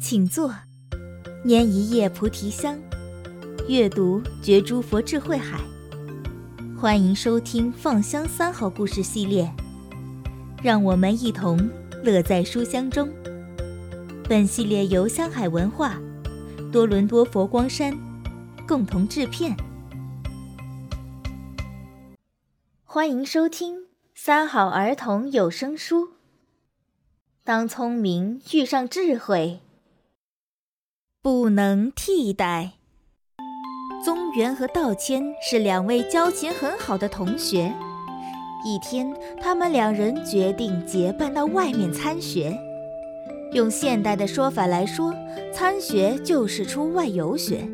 請坐。拈一葉菩提香，閱讀覺諸佛智慧海。歡迎收聽《Fun 香三好故事》系列，讓我們一同樂在書香中。本系列由香海文化、多倫多佛光山共同製片。歡迎收聽《三好兒童有聲書》。當聰明遇上智慧，不能替代。宗元和道謙是兩位交情很好的同學。一天，他們兩人決定結伴到外面參學。用現代的說法來說，參學就是出外遊學。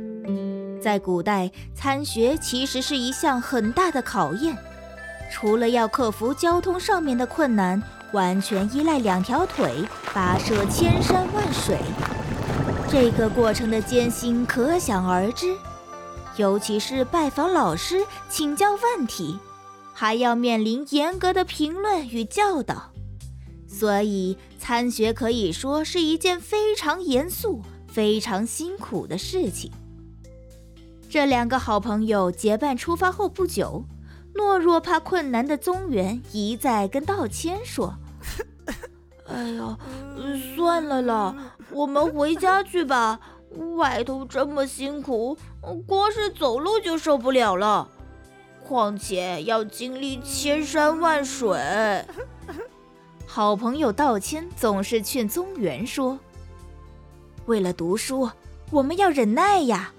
在古代，參學其實是一項很大的考驗。除了要克服交通上面的困難，完全依賴兩條腿跋涉千山萬水，這個過程的艱辛可想而知。尤其是拜訪老師請教問題，還要面臨嚴格的評論與教導，所以參學可以說是一件非常嚴肅、非常辛苦的事情。這兩個好朋友結伴出發後不久，懦弱怕困難的宗元一再跟道謙說：“ 哎呦，算了啦，我們回家去吧。外頭這麼辛苦，光是走路就受不了了。況且要經歷千山萬水。” 好朋友道謙總是勸宗元說：“為了讀書，我們要忍耐呀。”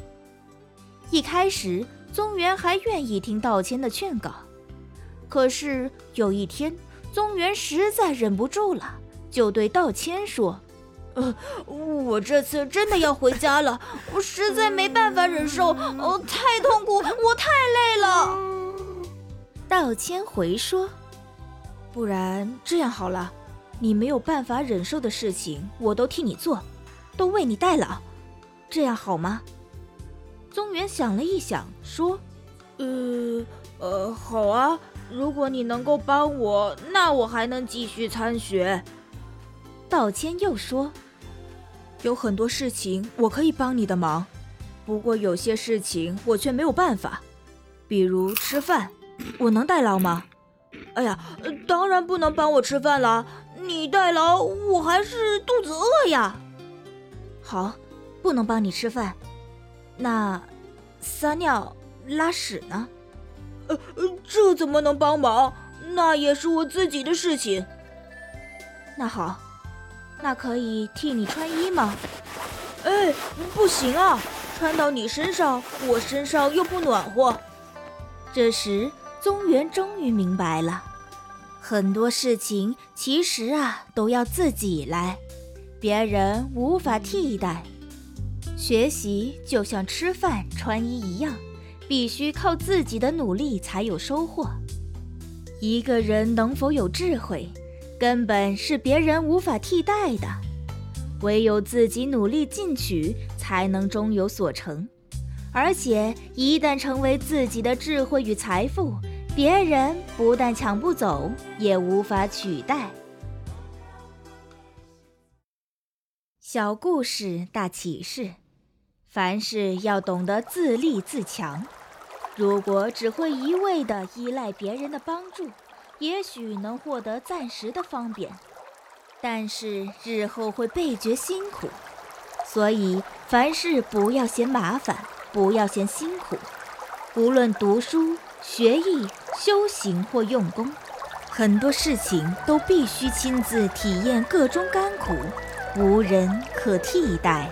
一開始。宗元還願意聽道謙的勸告，可是有一天，宗元實在忍不住了，就對道謙說：“呃，我這次真的要回家了， 我實在沒辦法忍受，呃、哦，太痛苦，我太累了。嗯”道謙回說：“不然這樣好了，你沒有辦法忍受的事情，我都替你做，都為你代勞，這樣好嗎？”宗元想了一想，說：“呃，呃，好啊，如果你能夠幫我，那我還能繼續參學。”道謙又說：“有很多事情我可以幫你的忙，不過有些事情我卻沒有辦法，比如吃飯，我能代勞嗎？”“哎呀，當然不能幫我吃飯了，你代勞，我還是肚子餓呀。”“好，不能幫你吃飯。”那，撒尿、拉屎呢？呃，這怎麼能幫忙？那也是我自己的事情。那好，那可以替你穿衣嗎？哎，不行啊！穿到你身上，我身上又不暖和。這時，宗元終於明白了，很多事情其實啊，都要自己來，別人無法替代。學習就像吃飯、穿衣一樣，必須靠自己的努力才有收穫。一個人能否有智慧，根本是別人無法替代的，唯有自己努力進取，才能終有所成。而且，一旦成為自己的智慧與財富，別人不但搶不走，也無法取代。小故事大啟示。凡事要懂得自立自強，如果只會一味地依賴別人的幫助，也許能獲得暫時的方便，但是日後會倍覺辛苦。所以凡事不要嫌麻煩，不要嫌辛苦。無論讀書、學藝、修行或用功，很多事情都必須親自體驗箇中甘苦，無人可替代。